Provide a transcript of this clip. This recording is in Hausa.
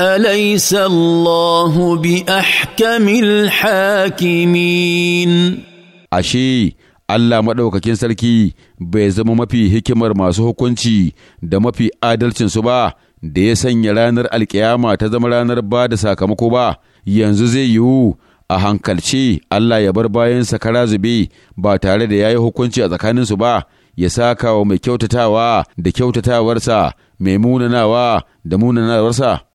اليس الله باحكم الحاكمين ashe Allah maɗaukakin sarki bai zama mafi hikimar masu hukunci da mafi adalcinsu ba da ya sanya ranar alkiyama ta zama ranar ba da sakamako ba yanzu zai yiwu a hankalce Allah ya bar bayansa kara zube ba tare da ya yi hukunci a tsakaninsu ba ya saka wa mai kyautatawa da kyautatawarsa mai munanawa da munanawarsa